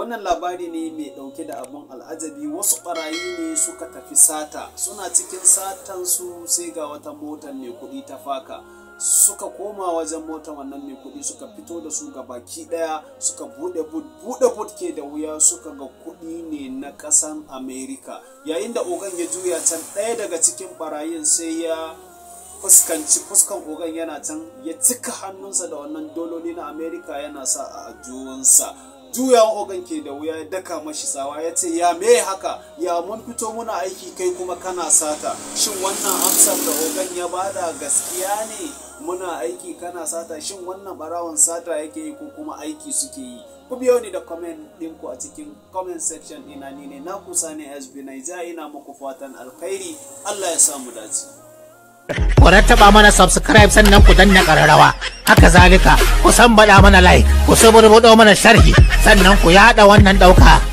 wannan labari ne mai dauke da abin al'ajabi wasu barayi ne suka tafi sata suna cikin satan su sai ga wata motar mai kuɗi ta faka suka koma wajen motar wannan mai kuɗi suka fito da su ga baki ɗaya suka bude but bude bud ke da wuya suka ga kuɗi ne na ƙasan amerika yayin da ogan ya juya can ɗaya daga cikin ɓarayin sai ya fuskanci fuskan ogan yana can ya cika hannunsa da wannan dololi na amerika yana sa a ajiyunsa juya ogan ke da wuya ya daka mashi tsawa ya ce ya me haka ya mun fito muna aiki kai kuma kana sata shin wannan amsar da ogan ya bada gaskiya ne muna aiki kana sata shin wannan barawan sata yake yi ko kuma aiki suke yi ku biyo ni da comment ɗinku a cikin comment section ina ni ne na kusa ne sb na ina muku fatan alkhairi allah ya samu dace ku rattaba mana subscribe sannan ku danna kararrawa haka zalika ku san bada mana like ku saburbudo mana sharhi sannan ku yada wannan dauka